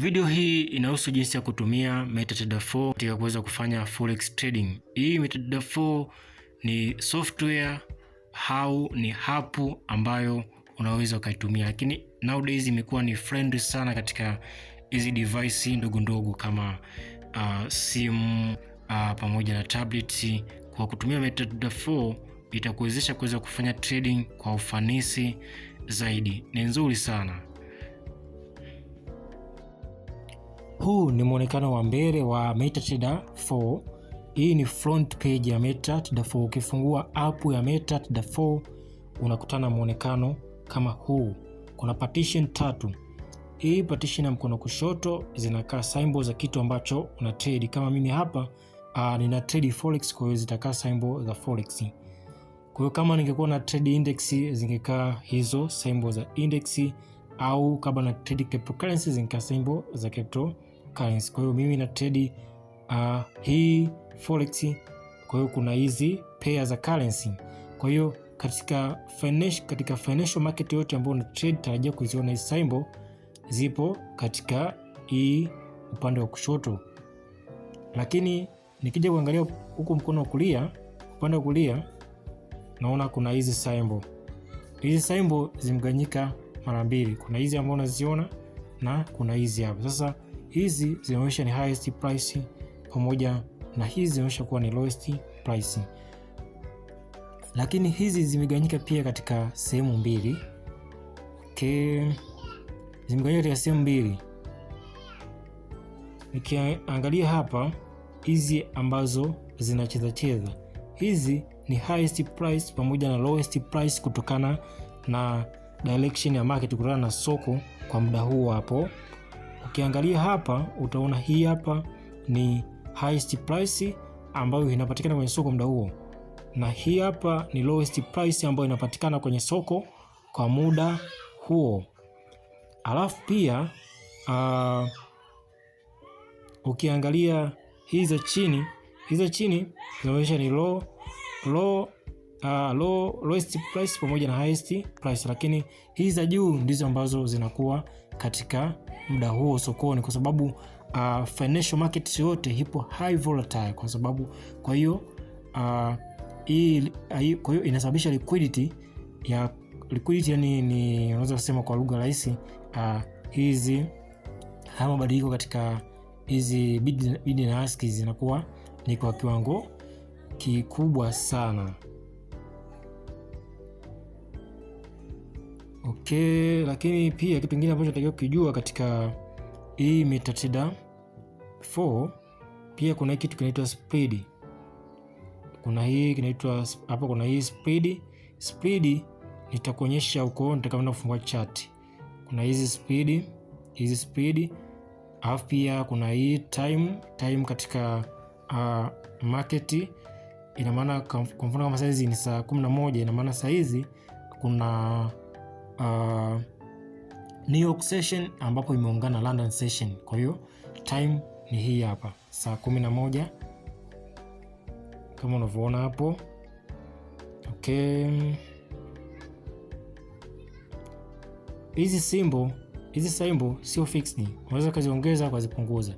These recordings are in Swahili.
Video hii inahusu jinsi ya kutumia MetaTrader 4 katika kuweza kufanya forex trading. Hii MetaTrader 4 ni software au ni hapu ambayo unaweza ukaitumia, lakini nowadays imekuwa ni friendly sana katika hizi device ndogo ndogo kama uh, simu uh, pamoja na tablet. Kwa kutumia MetaTrader 4 itakuwezesha kuweza kufanya trading kwa ufanisi zaidi. Ni nzuri sana. Huu ni mwonekano wa mbele wa MetaTrader 4. Hii ni front page ya MetaTrader 4. Ukifungua app ya MetaTrader 4 unakutana mwonekano kama huu. Kuna partition tatu. Hii partition ya mkono kushoto zinakaa symbol za kitu ambacho una trade. Kama mimi hapa uh, nina trade forex, kwa hiyo zitakaa symbol za forex. Kwa hiyo kama ningekuwa na trade index zingekaa hizo symbol za index, au kama na trade cryptocurrency zingekaa symbol za cryptocurrency currency. Kwa hiyo mimi na trade uh, hii forex. Kwa hiyo kuna hizi pair za currency. Kwa hiyo katika finance, katika financial market yote ambayo una trade tarajia kuziona hizi symbol zipo katika hii upande wa kushoto, lakini nikija kuangalia huku mkono wa kulia, upande wa kulia naona kuna hizi symbol. Hizi symbol zimganyika mara mbili, kuna hizi ambazo unaziona na kuna hizi hapa sasa Hizi zinaonyesha ni highest price pamoja na hizi zinaonyesha kuwa ni lowest price, lakini hizi zimegawanyika pia katika sehemu mbili okay. Zimegawanyika katika sehemu mbili. Nikiangalia hapa hizi ambazo zinacheza cheza, hizi ni highest price pamoja na lowest price kutokana na direction ya market, kutokana na soko kwa muda huu hapo Ukiangalia hapa utaona hii hapa ni highest price ambayo inapatikana kwenye soko muda huo, na hii hapa ni lowest price ambayo inapatikana kwenye soko kwa muda huo. Alafu pia uh, ukiangalia hizi za chini, hizi za chini zinaonyesha ni low, low uh, low, lowest price pamoja na highest price, lakini hizi za juu ndizo ambazo zinakuwa katika muda huo sokoni, kwa sababu uh, financial market yote ipo high volatile, kwa sababu kwa hiyo uh, hii kwa hiyo inasababisha liquidity ya liquidity, yani ni unaweza kusema kwa lugha rahisi uh, hizi haya mabadiliko katika hizi bid na ask zinakuwa ni kwa kiwango kikubwa sana. Okay, lakini pia kitu kingine ambacho natakiwa kujua katika hii metadata 4 pia kuna kitu kinaitwa speed. Kuna hii kinaitwa hapa, kuna hii speed. Speed nitakuonyesha huko nitakapoenda kufungua chat. Kuna hizi speed, hizi speed. alafu pia kuna hii time, time katika uh, market. Ina maana kwa mfano kama saizi ni saa 11, ina maana saizi kuna uh, New York session ambapo imeungana London session. Kwa hiyo time ni hii hapa saa 11 kama unavyoona hapo okay. Hizi simbo hizi simbo sio fixed, unaweza ukaziongeza ukazipunguza,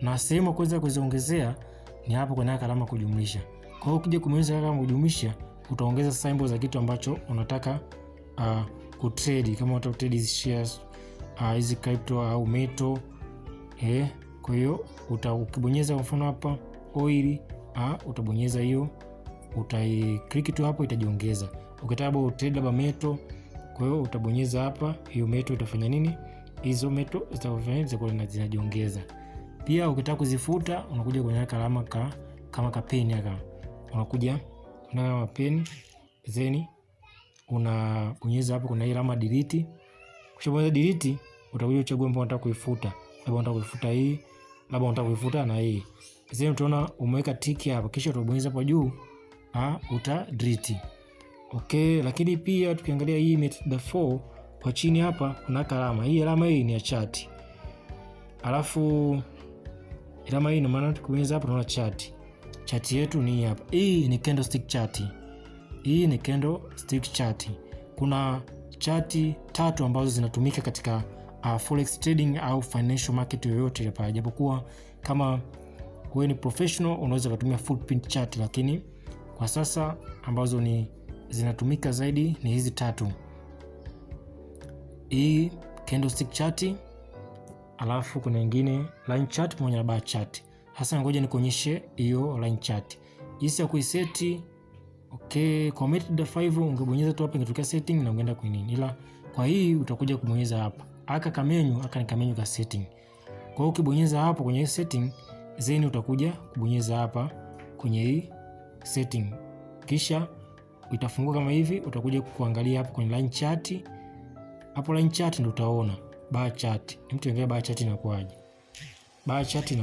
na sehemu kuweza kuziongezea ni hapo kwenye alama kujumlisha. Kwa hiyo ukija kumaliza alama kujumlisha, utaongeza simbo za kitu ambacho unataka uh, kutredi kama unataka kutrade hizi shares ah, hizi uh, crypto au meto eh. Kwa hiyo ukibonyeza kwa mfano hapa oili uh, ah, utabonyeza hiyo, utai tu hapo itajiongeza. Ukitaka utrade labda meto, kwa hiyo utabonyeza hapa hiyo meto itafanya nini? Hizo metal zitafanya zitakuwa zinajiongeza. Pia ukitaka kuzifuta unakuja kwenye kalama ka kama kapeni haka unakuja kama peni zeni unabonyeza hapo, kuna hii alama delete. Ukishabonyeza delete, utakuja uchague ambayo unataka kuifuta, labda unataka kuifuta hii, labda unataka kuifuta na hii. Sasa tunaona umeweka tick hapo, kisha utabonyeza hapo juu na uta delete. Okay, lakini pia tukiangalia hii method 4 kwa chini hapa kuna alama hii, alama hii ni ya chat, alafu alama hii ina maana tukibonyeza hapo tunaona chat, chat yetu ni hapa. Hii ni candlestick chat. Hii ni kendo stick chart. Kuna chati tatu ambazo zinatumika katika uh, forex trading au financial market yoyote pale, japokuwa kama wewe ni professional unaweza kutumia footprint chart, lakini kwa sasa ambazo ni zinatumika zaidi ni hizi tatu, hii candlestick chart, alafu kuna nyingine line chart pamoja na bar chart. Hasa ngoja nikuonyeshe hiyo line chart jinsi ya kuiseti Okay, commit data5 ungebonyeza tu hapa ingetokea setting na ungeenda kwenye nini. Ila kwa hii utakuja kubonyeza hapa. Aka kamenyu, aka ni kamenyu ka setting. Kwa hiyo ukibonyeza hapo kwenye setting, then utakuja kubonyeza hapa kwenye hii setting. Kisha itafunguka kama hivi, utakuja kuangalia hapo kwenye line chart. Hapo line chart ndio utaona bar chart. bar chart Bar chart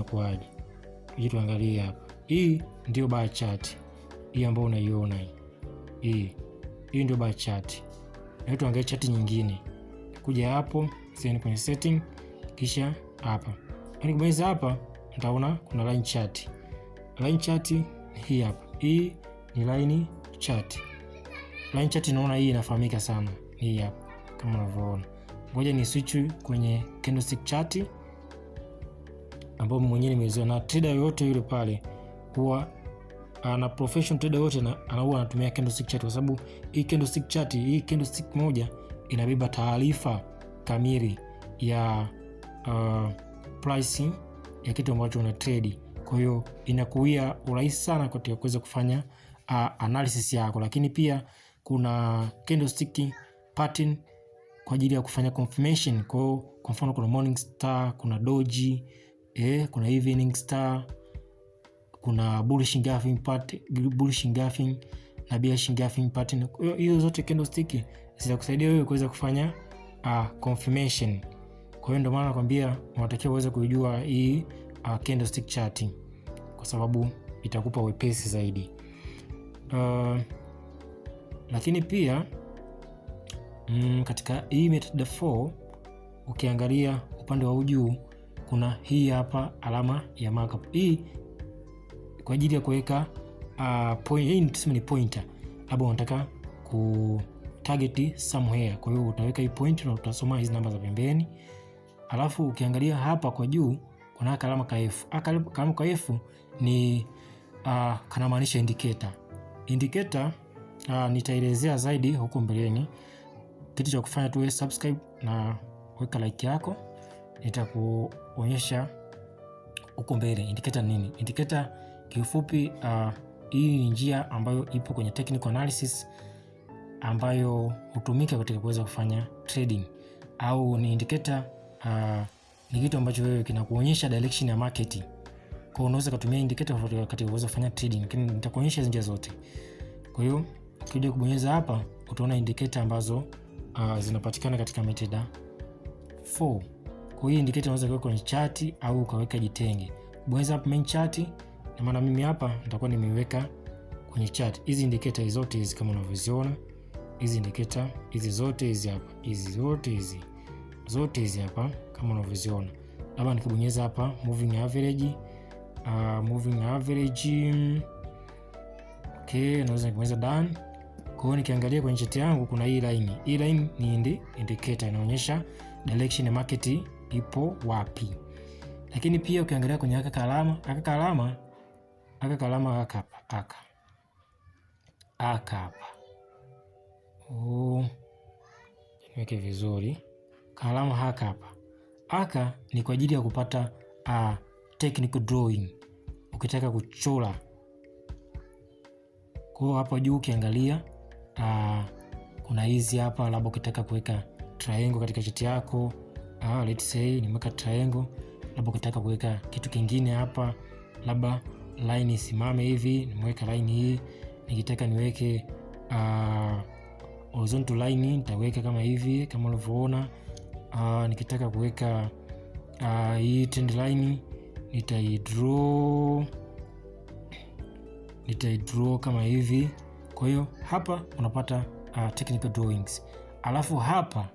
Tuangalie hapa. Hii ndio bar chart hii ambayo unaiona hii hii ndio bar chart. Na hiyo tuangalie chart nyingine, kuja hapo sehemu kwenye setting, kisha hapa nikibonyeza hapa utaona kuna line chart. Line chart hii hapa, hii ni line chart. Line chart naona hii inafahamika sana, hii hapa kama unavyoona. Ngoja ni switch kwenye candlestick chart ambayo mwenyewe nimezoea, na trader yote yule pale huwa na professional trader yote anaua anatumia candlestick chart, kwa sababu hii candlestick chart, hii candlestick moja inabeba taarifa kamili ya uh, pricing ya kitu ambacho una trade. Kwa hiyo inakuia urahisi sana katika kuweza kufanya uh, analysis yako, lakini pia kuna candlestick pattern kwa ajili ya kufanya confirmation. Kwa hiyo kwa mfano kuna morning star, kuna doji eh, kuna evening star kuna bullish bullish na bearish pattern. Hizo zote candlestick zitakusaidia wewe kuweza kufanya uh, confirmation. Kwa hiyo ndio maana nakwambia unatakiwa uweze kujua hii uh, candlestick chart kwa sababu itakupa wepesi zaidi uh, lakini pia mm, katika hii MetaTrader 4 ukiangalia upande wa juu kuna hii hapa alama ya markup. Hii kwa ajili ya kuweka uh, point, tuseme ni pointer labda unataka ku target somewhere. Kwa hiyo utaweka hii point na utasoma hizi namba za pembeni, alafu ukiangalia hapa kwa juu kuna kalama ka F. Ah, kalama ka F ni uh, kanamaanisha indicator. Indicator uh, nitaelezea zaidi huko mbeleni. Kitu cha kufanya tu subscribe na weka like yako, nitakuonyesha huko mbele indicator nini. Indicator Kiufupi, uh, hii ni njia ambayo ipo kwenye technical analysis ambayo hutumika katika kuweza kufanya trading au ni indicator uh, ni kitu ambacho wewe kinakuonyesha direction ya market. Kwa unaweza kutumia indicator katika kuweza kufanya trading, lakini nitakuonyesha njia zote. Kwa hiyo ukija kubonyeza hapa utaona indicator ambazo uh, zinapatikana katika metada 4. Kwa hiyo indicator unaweza kuweka kwenye chart au ukaweka jitenge. Bonyeza hapa main chart na maana mimi hapa nitakuwa nimeiweka kwenye chat Hizi indicator zote hizi kama unavyoziona, hizi indicator hizi zote hizi hapa, hizi zote hizi zote hizi hapa kama unavyoziona, labda nikibonyeza hapa moving average, uh, moving average okay, naweza nikibonyeza done. Kwa hiyo nikiangalia kwenye chat yangu kuna hii line, hii line ni indi, indicator inaonyesha direction ya market ipo wapi, lakini pia ukiangalia kwenye haka kalama, haka kalama aka kalama aka hapa aka aka hapa niweke vizuri kalama haka hapa aka ni kwa ajili ya kupata uh, technical drawing ukitaka kuchora kwa hapo juu ukiangalia uh, kuna hizi hapa labda ukitaka kuweka triangle katika cheti yako uh, let's say nimeweka triangle labda ukitaka kuweka kitu kingine hapa labda line isimame hivi, nimeweka line hii. Nikitaka niweke uh, horizontal line nitaweka kama hivi kama unavyoona. Uh, ah, nikitaka kuweka uh, hii trend line nitaidraw nitaidraw kama hivi. Kwa hiyo hapa unapata uh, technical drawings, alafu hapa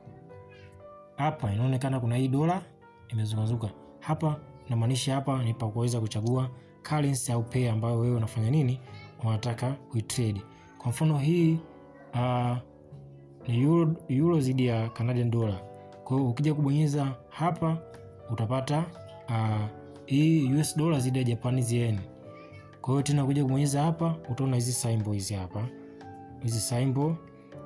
hapa inaonekana kuna hii dola imezunguka hapa, namaanisha hapa ni pa kuweza kuchagua currency au pair ambayo wewe unafanya nini, unataka kuitrade. Kwa mfano hii uh, ni euro, euro zidi ya Canadian dollar. Kwa hiyo ukija kubonyeza hapa utapata uh, hii US dollar zidi ya Japanese yen. Kwa hiyo tena ukija kubonyeza hapa utaona hizi symbol hizi hapa, hizi symbol.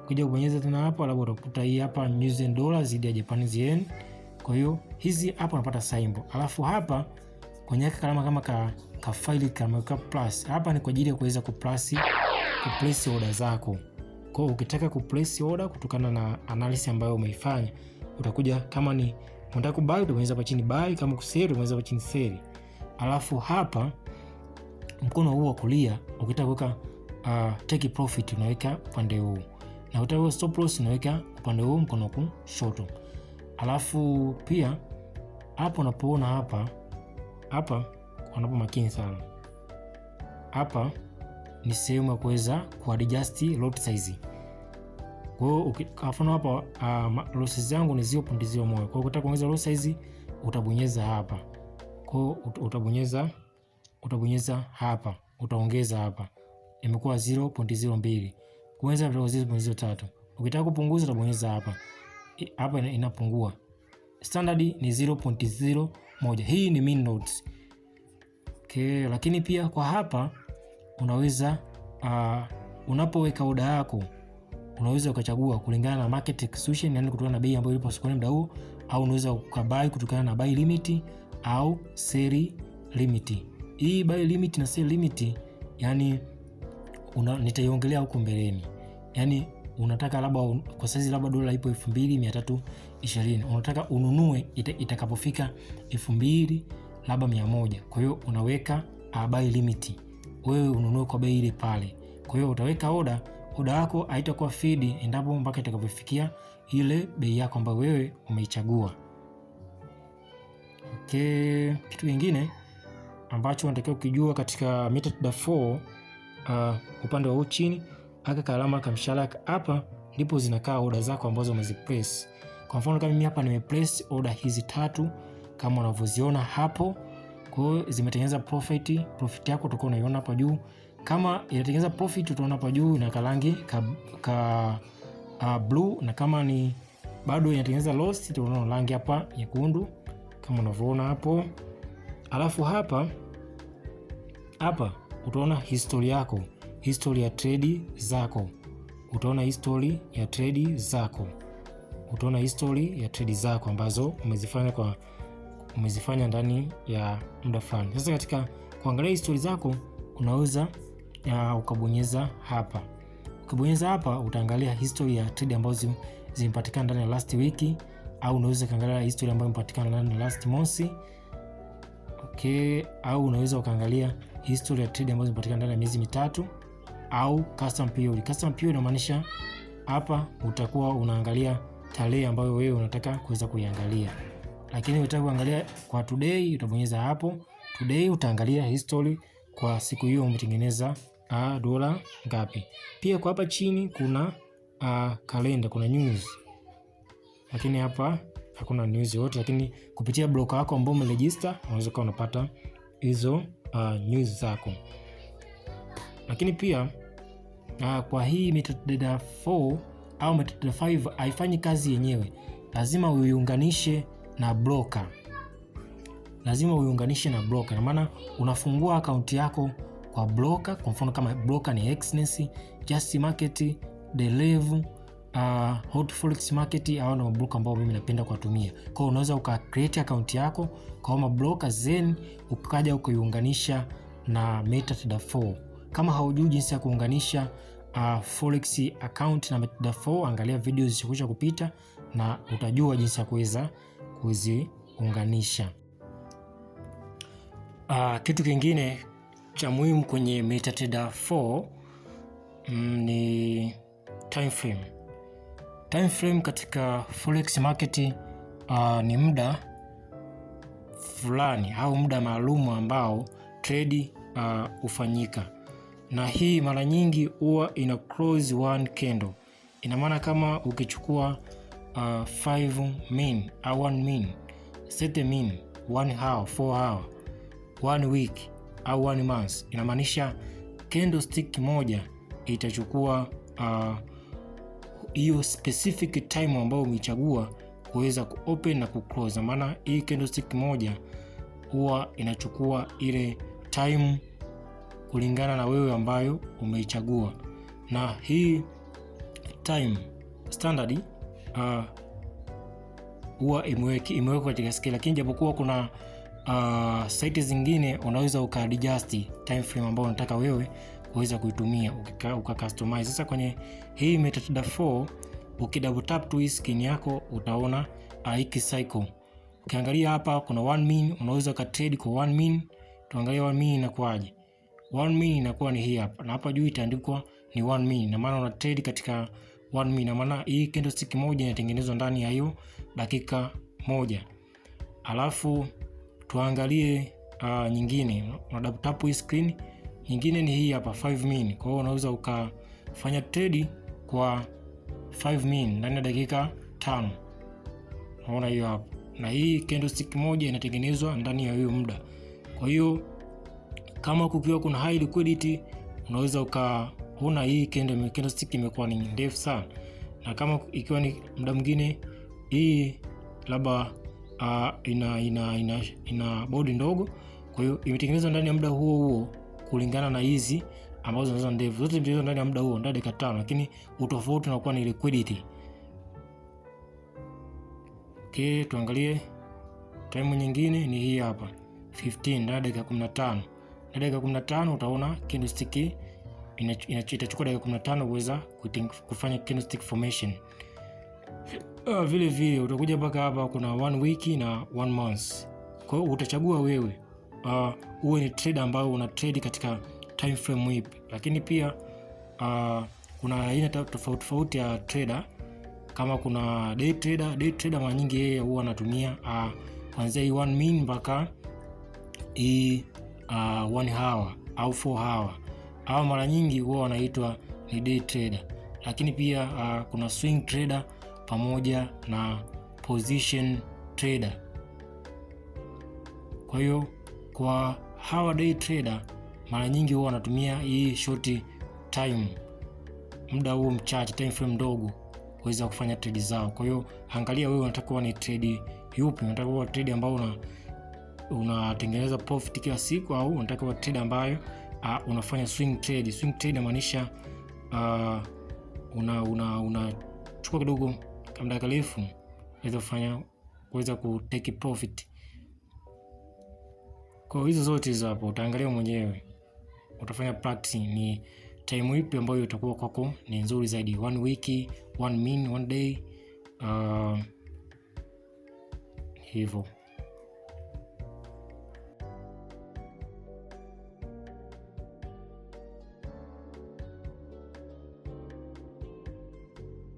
Ukija kubonyeza tena hapa labda utakuta hii hapa New Zealand dollar zidi ya Japanese yen. Kwa hiyo hizi hapa unapata symbol, alafu hapa kwenye kalama kama ka, ka file kameweka plus. Hapa ni kwa ajili ya kuweza ku plus ku place order zako. Kwa ukitaka ku place order kutokana na analysis ambayo umeifanya, utakuja kama ni unataka buy utaweza hapa chini buy, kama ku sell unaweza hapa chini sell. Alafu hapa mkono huu wa kulia ukitaka kuweka uh, take profit unaweka upande huu. Na utaweka stop loss unaweka upande huu mkono wa kushoto. Alafu pia hapo unapoona hapa hapa wanapo makini sana, hapa ni sehemu ya kuweza kuadjust lot size. Kwa hiyo kwa mfano hapa uh, lot size yangu ni 0.01. Kwa hiyo ukitaka kuongeza lot size utabonyeza hapa, kwa hiyo utabonyeza utabonyeza hapa, utaongeza hapa, imekuwa 0.02 kuanza ndio 0.03. Ukitaka kupunguza utabonyeza hapa, hapa inapungua. Standard ni 0.0 moja. Hii ni min notes. Okay, lakini pia kwa hapa unaweza uh, unapoweka oda yako unaweza ukachagua kulingana na market execution, yani kutokana na bei ambayo ilipo sokoni muda huo, au unaweza ukabai kutokana na buy limit au sell limit. Hii buy limit na sell limit yani nitaiongelea huko mbeleni yani unataka labda kwa saizi labda dola ipo 2320 unataka ununue itakapofika ita 2000 labda 100. Kwa hiyo unaweka uh, buy limit, wewe ununue kwa bei ile pale. Kwa hiyo utaweka oda, oda yako haitakuwa fidi endapo mpaka itakapofikia ile bei yako ambayo wewe umeichagua. Okay, kitu kingine ambacho unatakiwa kujua katika MetaTrader 4 uh, upande wa chini aka kalama kamshale hapa ndipo zinakaa oda zako ambazo umezipress. Kwa mfano kama mimi hapa nimepress oda hizi tatu kama unavyoziona hapo. Kwa hiyo zimetengeneza profit, profit yako utakuwa unaiona hapa juu. Kama inatengeneza profit utaona hapa juu ina karangi ka, ka uh, blue na kama ni bado inatengeneza loss utaona rangi hapa nyekundu kama unavyoona hapo. Alafu hapa hapa utaona historia yako history ya trade zako, utaona history ya trade zako, utaona history ya trade zako ambazo umezifanya kwa umezifanya ndani ya muda fulani. Sasa katika kuangalia history zako unaweza uh, ukabonyeza hapa. Ukibonyeza hapa utaangalia history ya trade ambazo zimepatikana ndani ya last week, au unaweza kaangalia history ambayo imepatikana ndani ya last month okay, au unaweza ukaangalia history ya trade ambazo zimepatikana ndani ya miezi mitatu au custom period. Custom period inamaanisha hapa utakuwa unaangalia tarehe ambayo wewe unataka kuweza kuiangalia, lakini unataka kuangalia kwa today, utabonyeza hapo today, utaangalia history kwa siku hiyo umetengeneza dola ngapi. Pia kwa hapa chini kuna uh, kalenda, kuna news, lakini hapa hakuna news yote, lakini kupitia broker wako ambao umeregister unaweza kuwa unapata hizo uh, news zako, lakini pia uh, kwa hii metadata 4 au metadata 5 haifanyi kazi yenyewe, lazima uiunganishe na broker, lazima uiunganishe na broker. na maana unafungua akaunti yako kwa broker. Kwa mfano kama broker ni Exness, Just Market, Delevu, uh, ah, Hot Forex Market. Hao ndio mabroker ambao mimi napenda kuwatumia. Kwa hiyo unaweza uka create account yako kwa mabroker, then ukaja ukaiunganisha na MetaTrader 4. Kama haujui jinsi ya kuunganisha uh, forex account na MetaTrader 4, angalia video zilizokuja kupita na utajua jinsi ya kuweza kuziunganisha. Uh, kitu kingine cha muhimu kwenye MetaTrader 4 mm, ni time frame. Time frame katika forex market uh, ni muda fulani au muda maalum ambao trade uh, hufanyika. ufanyika na hii mara nyingi huwa ina close one candle. Ina maana kama ukichukua 5 uh, min au uh, 1 min, 7 min, 1 hour, 4 hour, 1 week au uh, 1 month, inamaanisha candlestick moja itachukua hiyo uh, specific time ambayo umechagua kuweza kuopen na kuclose. Maana hii candlestick moja huwa inachukua ile time kulingana na wewe ambayo umeichagua. Na hii time standard uh, huwa imewekwa katika scale, lakini japokuwa kuna uh, site zingine unaweza ukaadjust time frame ambayo unataka wewe uweza kuitumia uka customize. Sasa kwenye hii metadata 4 ukidouble tap tu skin yako utaona uh, iki cycle. Ukiangalia hapa kuna 1 min, unaweza ukatrade kwa 1 min. Tuangalie 1 min inakuaje one min inakuwa ni hii hapa, na hapa juu itaandikwa ni one min, na maana una trade katika one min, na maana hii candlestick moja inatengenezwa ndani ya hiyo dakika moja. Alafu tuangalie uh, nyingine una double tap hii screen nyingine ni hii hapa 5 min. Kwa hiyo unaweza ukafanya trade kwa 5 min ndani ya dakika tano. Unaona hiyo hapo, na hii candlestick moja inatengenezwa ndani ya hiyo muda, kwa hiyo kama kukiwa kuna high liquidity, unaweza ukaona hii kende candle stick imekuwa ni ndefu sana, na kama ikiwa ni muda mwingine hii labda uh, ina, ina, ina, ina bodi ndogo, kwa hiyo imetengenezwa ndani ya muda huo huo kulingana na hizi ambazo zinazo ndefu zote zimetengenezwa ndani ya muda huo, ndani ya dakika tano, lakini utofauti unakuwa ni liquidity. Okay, tuangalie time nyingine ni hii hapa 15 ndani ya dakika 15 na dakika 15 utaona candlestick itachukua dakika 15 kuweza kufanya candlestick formation. Uh, vile vile utakuja mpaka hapa kuna one week na one month. Kwa hiyo utachagua wewe uh, uwe ni trade ambayo una trade katika time frame ipi, lakini pia uh, kuna aina tofauti tofauti ya trader kama kuna day trader. Day trader mara nyingi yeye huwa anatumia uh, kuanzia hii one min mpaka hii uh, one hour au four hour au mara nyingi huwa wanaitwa ni day trader, lakini pia uh, kuna swing trader pamoja na position trader. Kwa hiyo kwa hawa day trader mara nyingi huwa wanatumia hii short time, muda huo mchache, time frame ndogo kuweza kufanya trade zao. Kwa hiyo angalia wewe unataka kuwa ni trade yupi, unataka kuwa trade ambao una unatengeneza profit kila siku au unataka kuwa trader ambayo uh, unafanya swing trade. Swing trade inamaanisha uh, una una unachukua kidogo muda mrefu uweze kufanya kuweza ku take profit. Kwa hizo zote hizo hapo utaangalia mwenyewe utafanya practice ni time ipi ambayo itakuwa kwako ni nzuri zaidi, one week, one min, one day uh, hivyo.